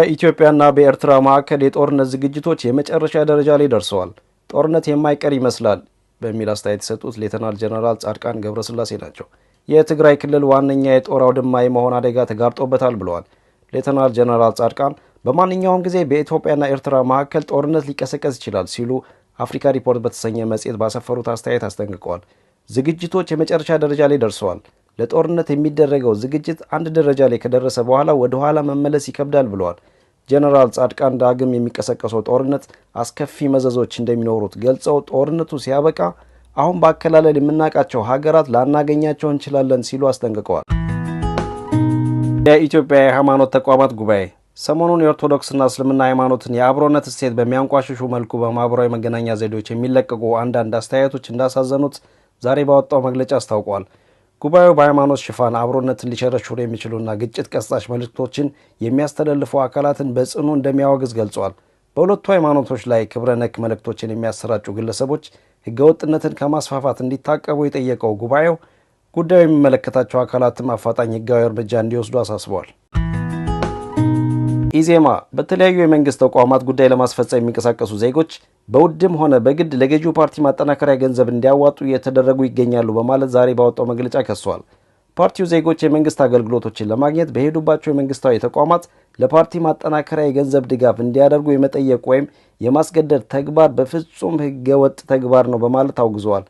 በኢትዮጵያና በኤርትራ መካከል የጦርነት ዝግጅቶች የመጨረሻ ደረጃ ላይ ደርሰዋል፣ ጦርነት የማይቀር ይመስላል በሚል አስተያየት የሰጡት ሌተናል ጀነራል ጻድቃን ገብረስላሴ ናቸው። የትግራይ ክልል ዋነኛ የጦር አውድማ የመሆን አደጋ ተጋርጦበታል ብለዋል። ሌተናል ጀነራል ጻድቃን በማንኛውም ጊዜ በኢትዮጵያና ኤርትራ መካከል ጦርነት ሊቀሰቀስ ይችላል ሲሉ አፍሪካ ሪፖርት በተሰኘ መጽሔት ባሰፈሩት አስተያየት አስጠንቅቀዋል። ዝግጅቶች የመጨረሻ ደረጃ ላይ ደርሰዋል ለጦርነት የሚደረገው ዝግጅት አንድ ደረጃ ላይ ከደረሰ በኋላ ወደ ኋላ መመለስ ይከብዳል ብለዋል። ጀነራል ጻድቃን ዳግም የሚቀሰቀሰው ጦርነት አስከፊ መዘዞች እንደሚኖሩት ገልጸው ጦርነቱ ሲያበቃ አሁን በአከላለል የምናውቃቸው ሀገራት ላናገኛቸው እንችላለን ሲሉ አስጠንቅቀዋል። የኢትዮጵያ የሃይማኖት ተቋማት ጉባኤ ሰሞኑን የኦርቶዶክስና እስልምና ሃይማኖትን የአብሮነት እሴት በሚያንቋሽሹ መልኩ በማኅበራዊ መገናኛ ዘዴዎች የሚለቀቁ አንዳንድ አስተያየቶች እንዳሳዘኑት ዛሬ ባወጣው መግለጫ አስታውቋል። ጉባኤው በሃይማኖት ሽፋን አብሮነትን ሊሸረሽሩ የሚችሉና ግጭት ቀስቃሽ መልእክቶችን የሚያስተላልፉ አካላትን በጽኑ እንደሚያወግዝ ገልጿል። በሁለቱ ሃይማኖቶች ላይ ክብረ ነክ መልእክቶችን የሚያሰራጩ ግለሰቦች ህገወጥነትን ከማስፋፋት እንዲታቀቡ የጠየቀው ጉባኤው ጉዳዩ የሚመለከታቸው አካላትም አፋጣኝ ህጋዊ እርምጃ እንዲወስዱ አሳስበዋል። ኢዜማ በተለያዩ የመንግስት ተቋማት ጉዳይ ለማስፈጸም የሚንቀሳቀሱ ዜጎች በውድም ሆነ በግድ ለገዢው ፓርቲ ማጠናከሪያ ገንዘብ እንዲያዋጡ እየተደረጉ ይገኛሉ በማለት ዛሬ ባወጣው መግለጫ ከሷል። ፓርቲው ዜጎች የመንግስት አገልግሎቶችን ለማግኘት በሄዱባቸው የመንግስታዊ ተቋማት ለፓርቲ ማጠናከሪያ የገንዘብ ድጋፍ እንዲያደርጉ የመጠየቅ ወይም የማስገደድ ተግባር በፍጹም ህገወጥ ተግባር ነው በማለት አውግዘዋል።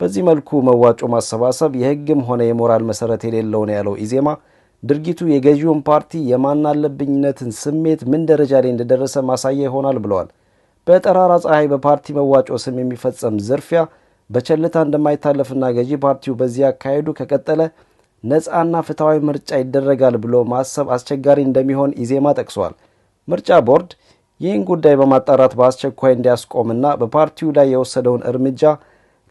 በዚህ መልኩ መዋጮ ማሰባሰብ የህግም ሆነ የሞራል መሰረት የሌለው ነው ያለው ኢዜማ ድርጊቱ የገዢውን ፓርቲ የማናለብኝነትን ስሜት ምን ደረጃ ላይ እንደደረሰ ማሳያ ይሆናል ብለዋል። በጠራራ ፀሐይ በፓርቲ መዋጮ ስም የሚፈጸም ዝርፊያ በቸልታ እንደማይታለፍና ገዢ ፓርቲው በዚህ አካሄዱ ከቀጠለ ነፃና ፍትሐዊ ምርጫ ይደረጋል ብሎ ማሰብ አስቸጋሪ እንደሚሆን ኢዜማ ጠቅሷል። ምርጫ ቦርድ ይህን ጉዳይ በማጣራት በአስቸኳይ እንዲያስቆምና በፓርቲው ላይ የወሰደውን እርምጃ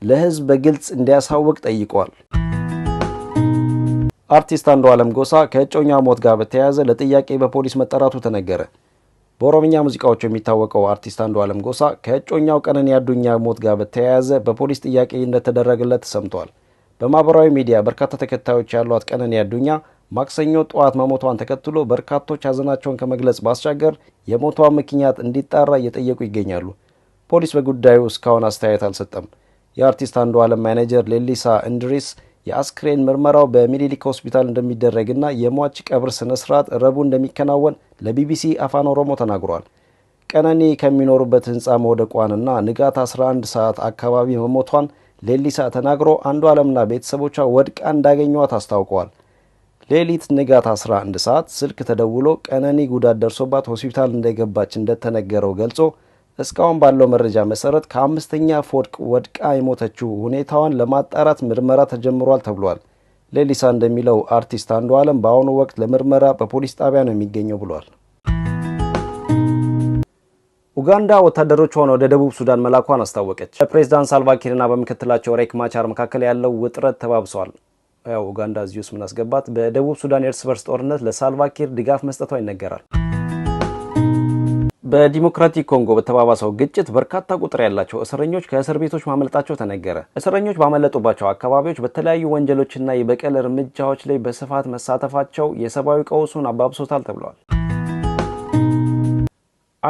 ለሕዝብ በግልጽ እንዲያሳውቅ ጠይቋል። አርቲስት አንዱ ዓለም ጎሳ ከእጮኛ ሞት ጋር በተያያዘ ለጥያቄ በፖሊስ መጠራቱ ተነገረ። በኦሮምኛ ሙዚቃዎቹ የሚታወቀው አርቲስት አንዱ ዓለም ጎሳ ከእጮኛው ቀነኒ አዱኛ ሞት ጋር በተያያዘ በፖሊስ ጥያቄ እንደተደረገለት ሰምቷል። በማህበራዊ ሚዲያ በርካታ ተከታዮች ያሏት ቀነኒ አዱኛ ማክሰኞ ጠዋት መሞቷን ተከትሎ በርካቶች ሀዘናቸውን ከመግለጽ ባሻገር የሞቷን ምክንያት እንዲጣራ እየጠየቁ ይገኛሉ። ፖሊስ በጉዳዩ እስካሁን አስተያየት አልሰጠም። የአርቲስት አንዱ ዓለም ማኔጀር ሌሊሳ እንድሪስ የአስክሬን ምርመራው በሚኒሊክ ሆስፒታል እንደሚደረግና የሟች ቀብር ስነ ስርዓት ረቡዕ እንደሚከናወን ለቢቢሲ አፋን ኦሮሞ ተናግሯል። ቀነኒ ከሚኖሩበት ህንፃ መውደቋንና ንጋት 11 ሰዓት አካባቢ መሞቷን ሌሊሳ ተናግሮ አንዱ ዓለምና ቤተሰቦቿ ወድቃ እንዳገኟት አስታውቀዋል። ሌሊት ንጋት 11 ሰዓት ስልክ ተደውሎ ቀነኒ ጉዳት ደርሶባት ሆስፒታል እንደገባች እንደተነገረው ገልጾ እስካሁን ባለው መረጃ መሰረት ከአምስተኛ ፎቅ ወድቃ የሞተችው ሁኔታዋን ለማጣራት ምርመራ ተጀምሯል ተብሏል። ሌሊሳ እንደሚለው አርቲስት አንዱ አለም በአሁኑ ወቅት ለምርመራ በፖሊስ ጣቢያ ነው የሚገኘው ብሏል። ኡጋንዳ ወታደሮች ሆነ ወደ ደቡብ ሱዳን መላኳን አስታወቀች። በፕሬዝዳንት ሳልቫኪርና በምክትላቸው ሬክ ማቻር መካከል ያለው ውጥረት ተባብሷል። ያው ኡጋንዳ እዚህ ውስጥ ምናስገባት በደቡብ ሱዳን የእርስ በርስ ጦርነት ለሳልቫኪር ድጋፍ መስጠቷ ይነገራል። በዲሞክራቲክ ኮንጎ በተባባሰው ግጭት በርካታ ቁጥር ያላቸው እስረኞች ከእስር ቤቶች ማመለጣቸው ተነገረ። እስረኞች ባመለጡባቸው አካባቢዎች በተለያዩ ወንጀሎችና የበቀል እርምጃዎች ላይ በስፋት መሳተፋቸው የሰብአዊ ቀውሱን አባብሶታል ተብለዋል።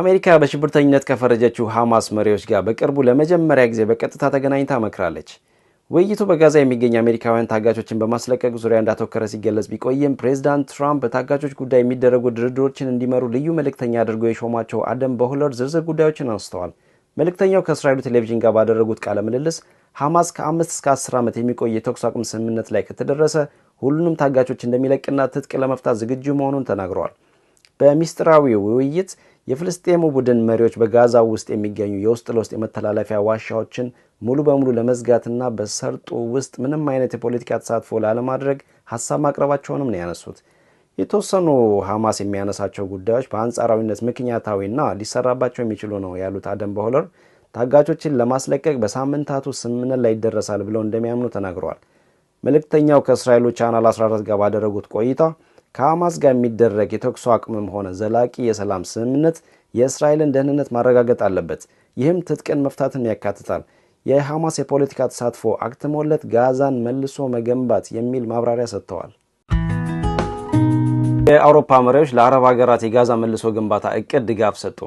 አሜሪካ በሽብርተኝነት ከፈረጀችው ሐማስ መሪዎች ጋር በቅርቡ ለመጀመሪያ ጊዜ በቀጥታ ተገናኝታ መክራለች። ውይይቱ በጋዛ የሚገኙ አሜሪካውያን ታጋቾችን በማስለቀቅ ዙሪያ እንዳተወከረ ሲገለጽ ቢቆይም ፕሬዚዳንት ትራምፕ በታጋቾች ጉዳይ የሚደረጉ ድርድሮችን እንዲመሩ ልዩ መልእክተኛ አድርጎ የሾማቸው አደም በሁለር ዝርዝር ጉዳዮችን አንስተዋል። መልእክተኛው ከእስራኤሉ ቴሌቪዥን ጋር ባደረጉት ቃለ ምልልስ ሐማስ ከአምስት እስከ አስር ዓመት የሚቆይ የተኩስ አቁም ስምምነት ላይ ከተደረሰ ሁሉንም ታጋቾች እንደሚለቅና ትጥቅ ለመፍታት ዝግጁ መሆኑን ተናግረዋል። በሚስጥራዊ ውይይት የፍልስጤሙ ቡድን መሪዎች በጋዛ ውስጥ የሚገኙ የውስጥ ለውስጥ የመተላለፊያ ዋሻዎችን ሙሉ በሙሉ ለመዝጋትና በሰርጡ ውስጥ ምንም አይነት የፖለቲካ ተሳትፎ ላለማድረግ ሀሳብ ማቅረባቸውንም ነው ያነሱት። የተወሰኑ ሐማስ የሚያነሳቸው ጉዳዮች በአንጻራዊነት ምክንያታዊና ሊሰራባቸው የሚችሉ ነው ያሉት አደም በሆለር ታጋቾችን ለማስለቀቅ በሳምንታቱ ስምምነት ላይ ይደረሳል ብለው እንደሚያምኑ ተናግረዋል። መልእክተኛው ከእስራኤሉ ቻናል 14 ጋር ባደረጉት ቆይታ ከሐማስ ጋር የሚደረግ የተኩስ አቁምም ሆነ ዘላቂ የሰላም ስምምነት የእስራኤልን ደህንነት ማረጋገጥ አለበት፣ ይህም ትጥቅን መፍታትን ያካትታል የሐማስ የፖለቲካ ተሳትፎ አክትሞለት ጋዛን መልሶ መገንባት የሚል ማብራሪያ ሰጥተዋል። የአውሮፓ መሪዎች ለአረብ ሀገራት የጋዛ መልሶ ግንባታ እቅድ ድጋፍ ሰጡ።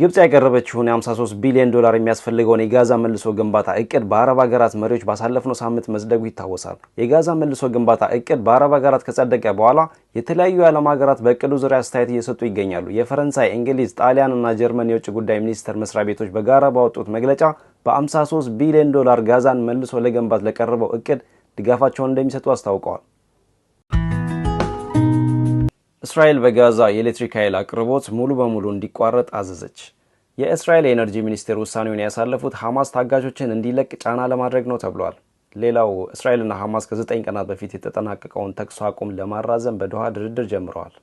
ግብፅ ያቀረበችውን የ53 ቢሊዮን ዶላር የሚያስፈልገውን የጋዛ መልሶ ግንባታ እቅድ በአረብ ሀገራት መሪዎች ባሳለፍነው ሳምንት መጽደጉ ይታወሳል። የጋዛ መልሶ ግንባታ እቅድ በአረብ ሀገራት ከጸደቀ በኋላ የተለያዩ የዓለም ሀገራት በእቅዱ ዙሪያ አስተያየት እየሰጡ ይገኛሉ። የፈረንሳይ፣ እንግሊዝ፣ ጣሊያን እና ጀርመን የውጭ ጉዳይ ሚኒስቴር መስሪያ ቤቶች በጋራ ባወጡት መግለጫ በ53 ቢሊዮን ዶላር ጋዛን መልሶ ለገንባት ለቀረበው እቅድ ድጋፋቸውን እንደሚሰጡ አስታውቀዋል። እስራኤል በጋዛ የኤሌክትሪክ ኃይል አቅርቦት ሙሉ በሙሉ እንዲቋረጥ አዘዘች። የእስራኤል የኤነርጂ ሚኒስቴር ውሳኔውን ያሳለፉት ሐማስ ታጋቾችን እንዲለቅ ጫና ለማድረግ ነው ተብሏል። ሌላው እስራኤልና ሐማስ ከዘጠኝ ቀናት በፊት የተጠናቀቀውን ተኩስ አቁም ለማራዘም በዶሃ ድርድር ጀምረዋል።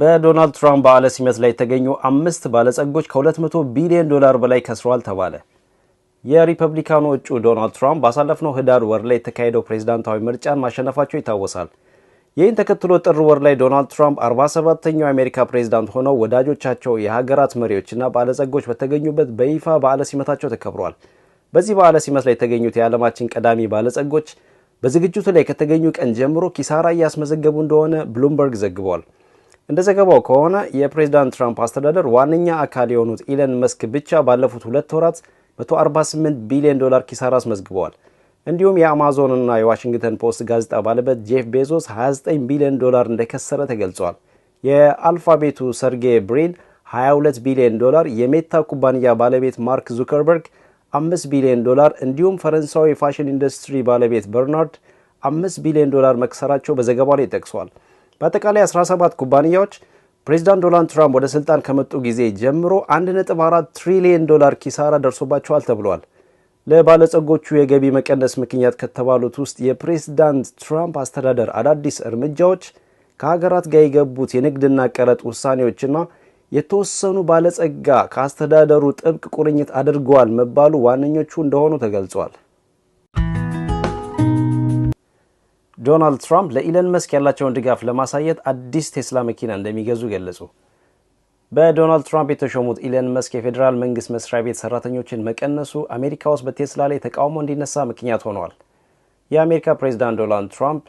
በዶናልድ ትራምፕ በዓለ ሲመት ላይ የተገኙ አምስት ባለጸጎች ከ200 ቢሊዮን ዶላር በላይ ከስረዋል ተባለ። የሪፐብሊካኑ እጩ ዶናልድ ትራምፕ ባሳለፍነው ህዳር ወር ላይ የተካሄደው ፕሬዝዳንታዊ ምርጫን ማሸነፋቸው ይታወሳል። ይህን ተከትሎ ጥር ወር ላይ ዶናልድ ትራምፕ 47 ተኛው የአሜሪካ ፕሬዝዳንት ሆነው ወዳጆቻቸው የሀገራት መሪዎችና ባለጸጎች በተገኙበት በይፋ በዓለ ሲመታቸው ተከብሯል። በዚህ በዓለ ሲመት ላይ የተገኙት የዓለማችን ቀዳሚ ባለጸጎች በዝግጅቱ ላይ ከተገኙ ቀን ጀምሮ ኪሳራ እያስመዘገቡ እንደሆነ ብሉምበርግ ዘግቧል። እንደ ዘገባው ከሆነ የፕሬዚዳንት ትራምፕ አስተዳደር ዋነኛ አካል የሆኑት ኢለን መስክ ብቻ ባለፉት ሁለት ወራት 148 ቢሊዮን ዶላር ኪሳራ አስመዝግበዋል። እንዲሁም የአማዞንና የዋሽንግተን ፖስት ጋዜጣ ባለበት ጄፍ ቤዞስ 29 ቢሊዮን ዶላር እንደከሰረ ተገልጿል። የአልፋቤቱ ሰርጌ ብሪን 22 ቢሊዮን ዶላር፣ የሜታ ኩባንያ ባለቤት ማርክ ዙከርበርግ 5 ቢሊዮን ዶላር እንዲሁም ፈረንሳዊ የፋሽን ኢንዱስትሪ ባለቤት በርናርድ 5 ቢሊዮን ዶላር መክሰራቸው በዘገባው ላይ ጠቅሷል። በአጠቃላይ 17 ኩባንያዎች ፕሬዚዳንት ዶናልድ ትራምፕ ወደ ስልጣን ከመጡ ጊዜ ጀምሮ 1.4 ትሪሊየን ዶላር ኪሳራ ደርሶባቸዋል ተብሏል። ለባለጸጎቹ የገቢ መቀነስ ምክንያት ከተባሉት ውስጥ የፕሬዚዳንት ትራምፕ አስተዳደር አዳዲስ እርምጃዎች፣ ከሀገራት ጋር የገቡት የንግድና ቀረጥ ውሳኔዎችና የተወሰኑ ባለጸጋ ከአስተዳደሩ ጥብቅ ቁርኝት አድርገዋል መባሉ ዋነኞቹ እንደሆኑ ተገልጿል። ዶናልድ ትራምፕ ለኢለን መስክ ያላቸውን ድጋፍ ለማሳየት አዲስ ቴስላ መኪና እንደሚገዙ ገለጹ። በዶናልድ ትራምፕ የተሾሙት ኢለን መስክ የፌዴራል መንግስት መስሪያ ቤት ሰራተኞችን መቀነሱ አሜሪካ ውስጥ በቴስላ ላይ ተቃውሞ እንዲነሳ ምክንያት ሆኗል። የአሜሪካ ፕሬዚዳንት ዶናልድ ትራምፕ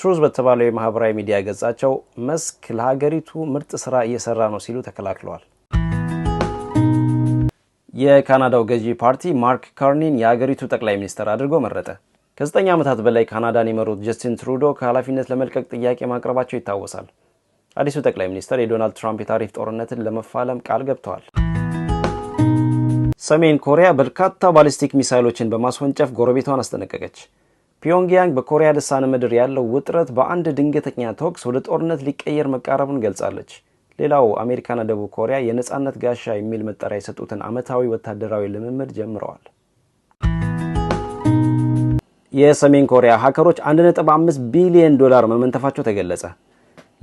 ትሩዝ በተባለው የማህበራዊ ሚዲያ ገጻቸው መስክ ለሀገሪቱ ምርጥ ስራ እየሰራ ነው ሲሉ ተከላክለዋል። የካናዳው ገዢ ፓርቲ ማርክ ካርኒን የሀገሪቱ ጠቅላይ ሚኒስትር አድርጎ መረጠ። ከዘጠኝ ዓመታት በላይ ካናዳን የመሩት ጀስቲን ትሩዶ ከኃላፊነት ለመልቀቅ ጥያቄ ማቅረባቸው ይታወሳል። አዲሱ ጠቅላይ ሚኒስትር የዶናልድ ትራምፕ የታሪፍ ጦርነትን ለመፋለም ቃል ገብተዋል። ሰሜን ኮሪያ በርካታ ባሊስቲክ ሚሳይሎችን በማስወንጨፍ ጎረቤቷን አስጠነቀቀች። ፒዮንግያንግ በኮሪያ ልሳነ ምድር ያለው ውጥረት በአንድ ድንገተኛ ተኩስ ወደ ጦርነት ሊቀየር መቃረቡን ገልጻለች። ሌላው አሜሪካና ደቡብ ኮሪያ የነፃነት ጋሻ የሚል መጠሪያ የሰጡትን ዓመታዊ ወታደራዊ ልምምድ ጀምረዋል። የሰሜን ኮሪያ ሀከሮች 1.5 ቢሊዮን ዶላር መመንተፋቸው ተገለጸ።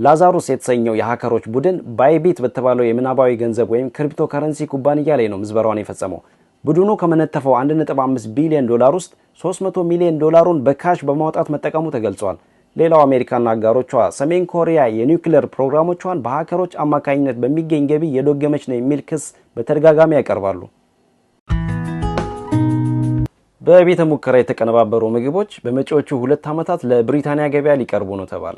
ላዛሩስ የተሰኘው የሀከሮች ቡድን ባይቢት በተባለው የምናባዊ ገንዘብ ወይም ክሪፕቶ ከረንሲ ኩባንያ ላይ ነው ምዝበራውን የፈጸመው። ቡድኑ ከመነተፈው 1.5 ቢሊዮን ዶላር ውስጥ 300 ሚሊዮን ዶላሩን በካሽ በማውጣት መጠቀሙ ተገልጿል። ሌላው አሜሪካና አጋሮቿ ሰሜን ኮሪያ የኒውክሌር ፕሮግራሞቿን በሀከሮች አማካኝነት በሚገኝ ገቢ የዶገመች ነው የሚል ክስ በተደጋጋሚ ያቀርባሉ። በቤተ ሙከራ የተቀነባበሩ ምግቦች በመጪዎቹ ሁለት ዓመታት ለብሪታንያ ገበያ ሊቀርቡ ነው ተባለ።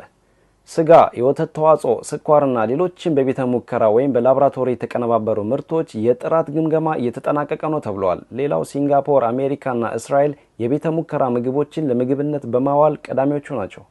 ስጋ፣ የወተት ተዋጽኦ፣ ስኳርና ሌሎችም በቤተ ሙከራ ወይም በላቦራቶሪ የተቀነባበሩ ምርቶች የጥራት ግምገማ እየተጠናቀቀ ነው ተብለዋል። ሌላው ሲንጋፖር፣ አሜሪካና እስራኤል የቤተ ሙከራ ምግቦችን ለምግብነት በማዋል ቀዳሚዎቹ ናቸው።